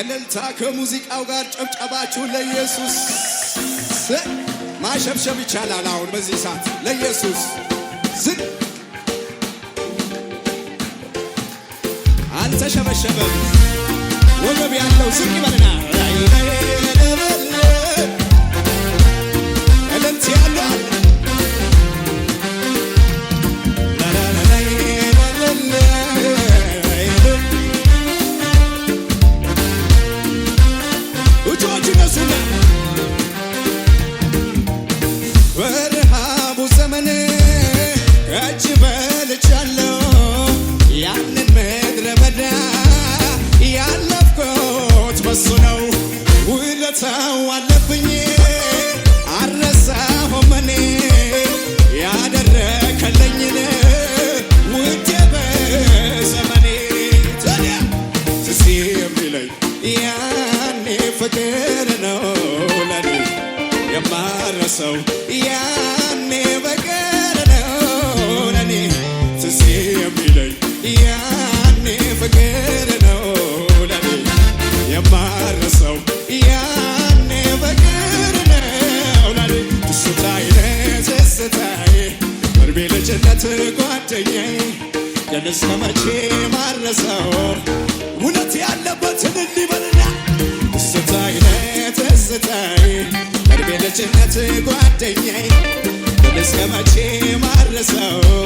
እልልታ ከሙዚቃው ጋር ጨብጨባችሁን ለኢየሱስ ማሸብሸብ ይቻላል። አሁን በዚህ ሰዓት ለኢየሱስ ዝግ አልተሸበሸበም። ወገብ ያለው ዝም ይበልና ጓደኛዬ ቀን እስከ መቼ ማረሰው እውነት ያለበትን እንዲበልና ስታይ እድሜ ልጅነት ጓደኛዬ እስከ መቼ ማረሰው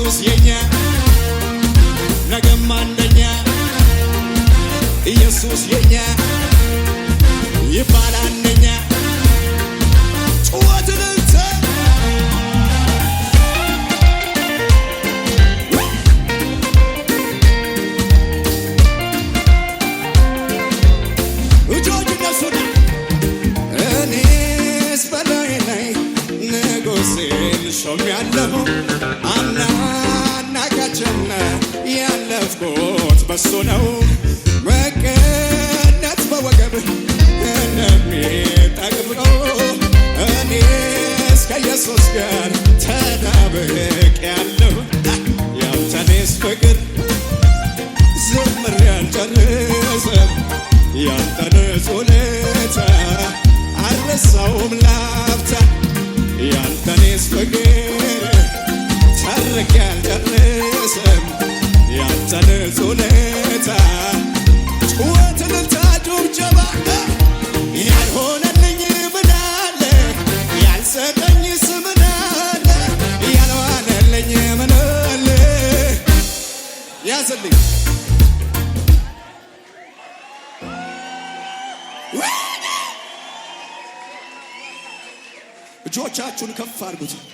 ኢየሱስ የኛ ነገም አንደኛ ኢየሱስ የኛ እጃችሁን ከፍ አድርጉት።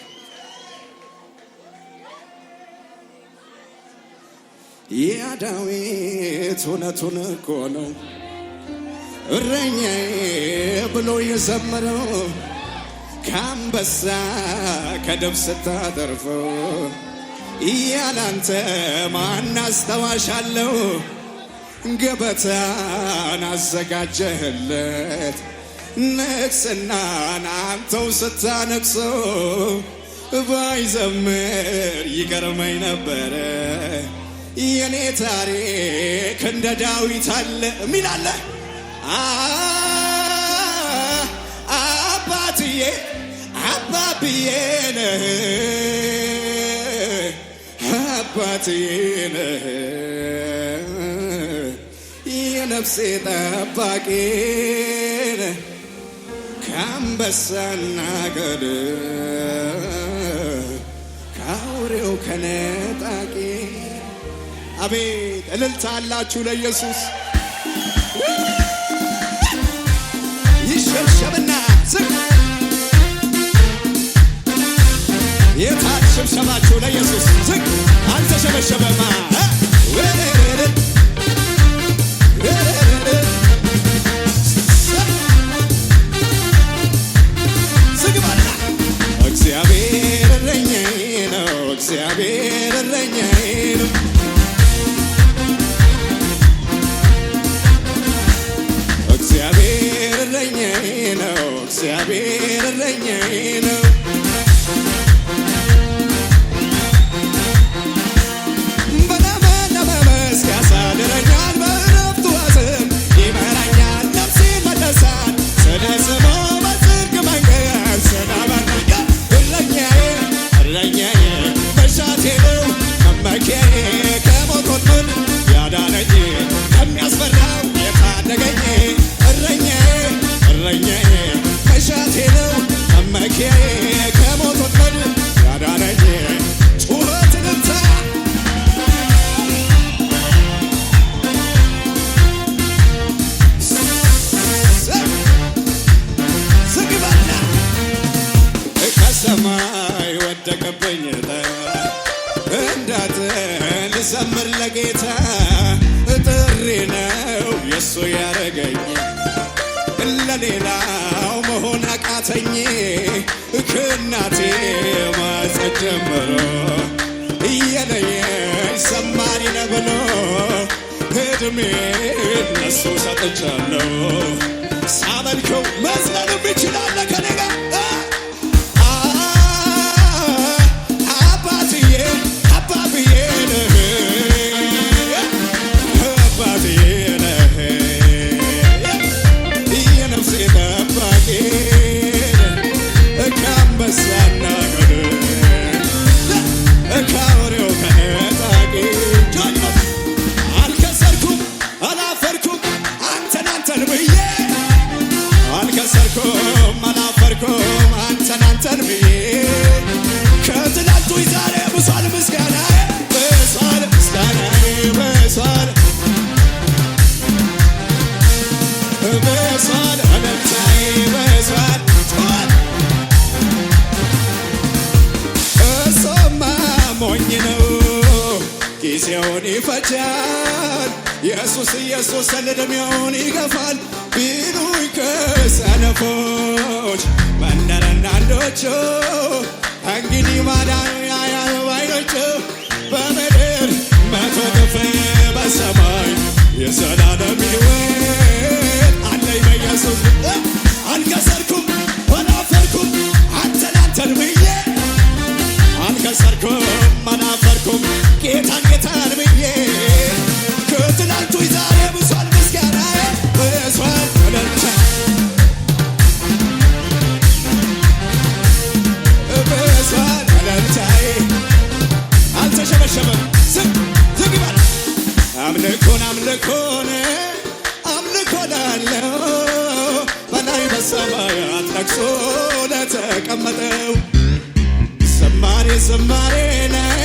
ያ ዳዊት እውነቱን እኮ ነው እረኛዬ ብሎ የዘመረው ከአንበሳ ከደብ ስታተርፈው እያላንተ ማን አስተዋሻለው ገበታን አዘጋጀህለት ንግስናን አንተው ስታነግሰው ባይዘምር ይገርመኝ ነበረ። የኔ ታሪክ እንደ ዳዊት አለ ሚላለ አባትዬ አባብዬ ነህ አባትዬ ነህ የነፍሴ ጠባቂ ከአንበሳና ገድል ከአውሬው ከነጣቂ አቤት እልልታ አላችሁ ለኢየሱስ ይሸብሸብና የታች ለኢየሱስ አልተሸበሸበማ ነው እግዚአብሔር እረኛዬ ነው። አመኬ ከሞት ወጥመድ ያዳነኝ ጩኸት ልታ ዝግበላ ከሰማይ ወደቀብኝ እንዳት ልዘምር ለጌታ ጥሪ ነው የእሱ ያረገኝ ለሌላው መሆን ተኝ ከእናቴ ማጸን ጀምሮ እየለየ ሰማሪ ብሎ እድሜ ለሱ ሰጥቻለሁ ሳመልከው መዝለንም ይችላለ ከነጋ ደሜውን ይፈጃል ኢየሱስ ኢየሱስ አለ ደሜውን ይገፋል ቢሉኝ ሰነፎች መነረናንዶቹ እንግዲህ ማዳኑ ያያሉ ባይኖቹ በምድር መቶ እጥፍ በሰማይ የዘላለም ሕይወት ሰማያት ለቅሶ ለተቀመጠው ዝማሬ ዝማሬ ነይ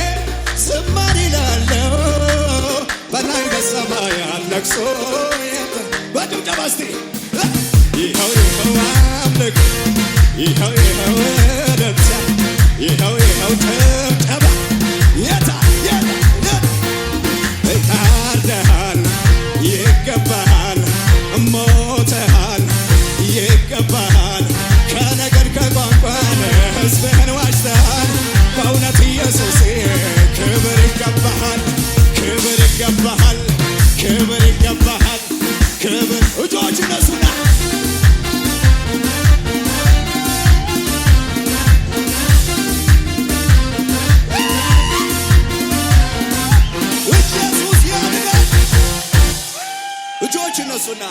ዝማሬ ላለው በላይ በሰማያት ለቅሶ በጭብጨባ እስቲ ይኸው ይኸው አምልክ ይኸው ይኸው ደምሳ ይኸው ይኸው ጭብጨባ የታ አድነሃል፣ ከነገድ ከቋንቋ ሕዝብህን ዋጅተሃል። በእውነት ኢየሱሴ ክብር ይገባሃል፣ ክብር ይገባሃል፣ ክብር ይገባሃል። ክብር እጆች እነሱና እጆች እነሱና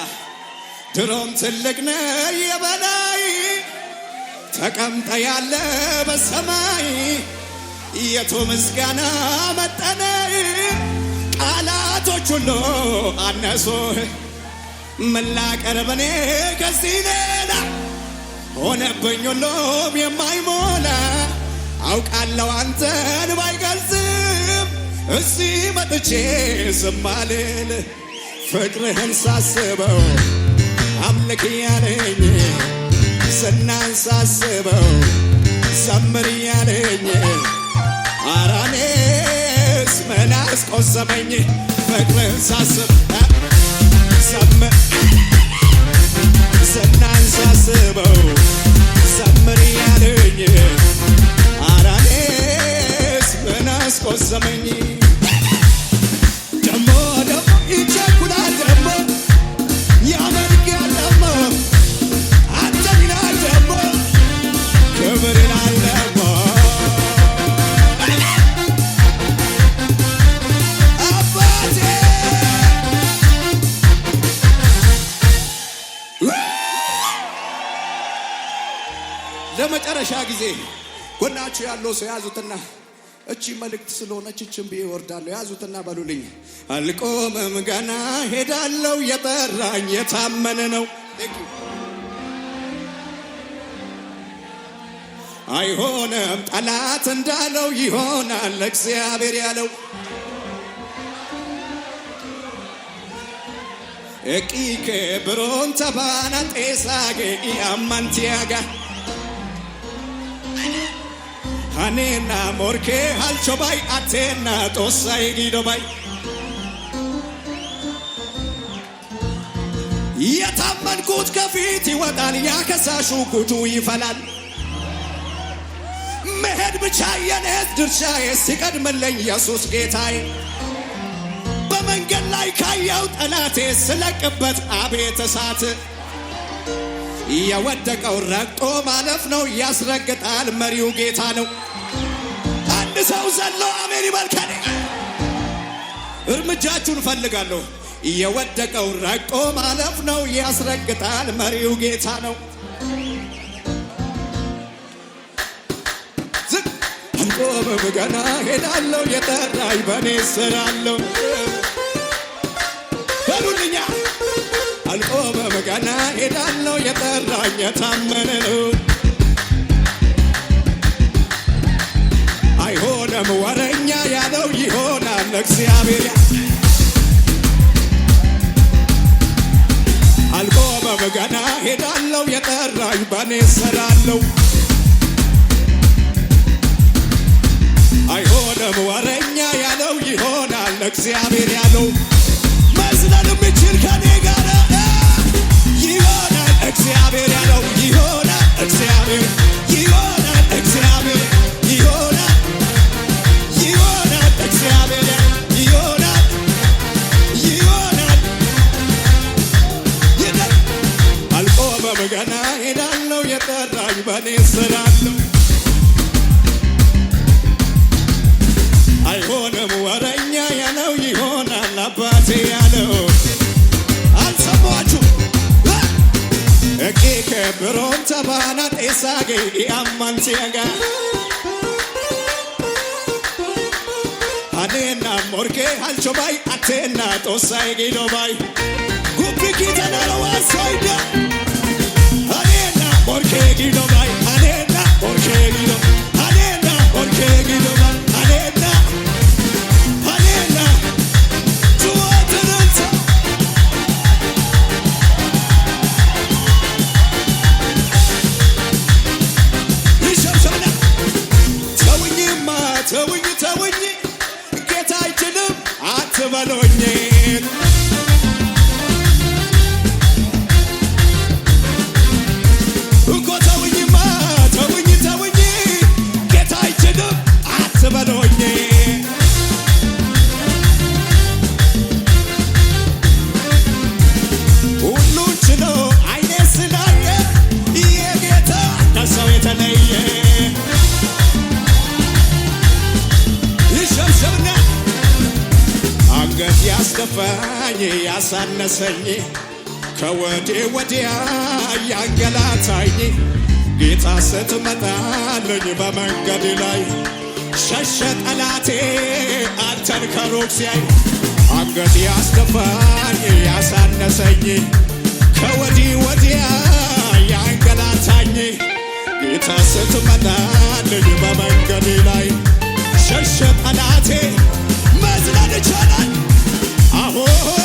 ድሮም ትልቅ ነህ የበለ ተቀምጠ ያለ በሰማይ የቱ ምስጋና መጠነ ቃላቶች ሁሉ አነሱ ምላቀርበኔ ከዚህ ሌላ ሆነብኝ ሁሉም የማይሞላ አውቃለሁ አንተን ባይገልጽም እዚህ መጥቼ ዝማልል ፍቅርህን ሳስበው አምልክ ያለኝ ቅድስናን ሳስበው ዘምር ያለኝ አራኔስ መላስ አስቆሰመኝ ፍቅርን ሳስብ ቅድስናን ዘምር ያለኝ አራኔስ ምን ቆሰመኝ ያለው ሰው ያዙትና እቺ መልእክት ስለሆነች እችን ብዬ ወርዳለሁ። ያዙትና በሉልኝ። አልቆምም ገና ሄዳለው። የጠራኝ የታመነ ነው። አይሆነም ጠላት እንዳለው ይሆናል እግዚአብሔር ያለው ኤቂኬ ብሮን ተባና ጤሳጌ አማንቲያጋ Anena ሞርኬ halcho bai atena tosai gido bai የታመንኩት ከፊት ይወጣል፣ ያከሳሹ ጉዱ ይፈላል። መሄድ ብቻ የኔስ ድርሻዬ ሲቀድምልኝ ኢየሱስ ጌታዬ በመንገድ ላይ ካየው ጠላቴ ስለቅበት አቤት እሳት የወደቀው ረግጦ ማለፍ ነው ያስረግጣል። መሪው ጌታ ነው። ሰው ዘሎ አሜን ይበልከል። እርምጃችሁን እፈልጋለሁ። የወደቀው ረቆ ማለፍ ነው። ያስረግጣል። መሪው ጌታ ነው። አልቆምም ገና ሄዳለሁ። የጠራኝ በኔ ስራለሁ። በሉልኛ አልቆምም ገና ሄዳለሁ። የጠራኝ የታመነ ነው። አይሆንም ወረኛ ያለው ይሆናል እግዚአብሔር አልቆመም ገና ሄዳለው የጠራኝ በኔ ሰራለው አይሆንም ወረኛ ያለው ይሆናል እግዚአብሔር ያለው መዝለል ስላለው የጠራኝ በኔ ስላለው አይሆንም ወረኛ ያለው ይሆናል አባቴ ያለው አልሰማችሁ እቂ ከብሮን ተባና ጤሳገ አማንሲያጋ አኔና ሞርጌ አልቾባይ አቴና ጦሳይ ጊዶባይ ጉቢ ጊተናለዋሶይዳ ያሳነሰኝ ከወዴ ወዲያ ያንገላታኝ ጌታ ስትመጣልኝ በመንገድ ላይ ሸሸ ጠላቴ አንተን ከሩቅ ሲያይ አንገት ያስደፋኝ ያሳነሰኝ ከወዲ ወዲያ ያንገላታኝ ጌታ ስትመጣልኝ በመንገድ ላይ ሸሸ ጠላቴ መዝለል ይቻላል አሁን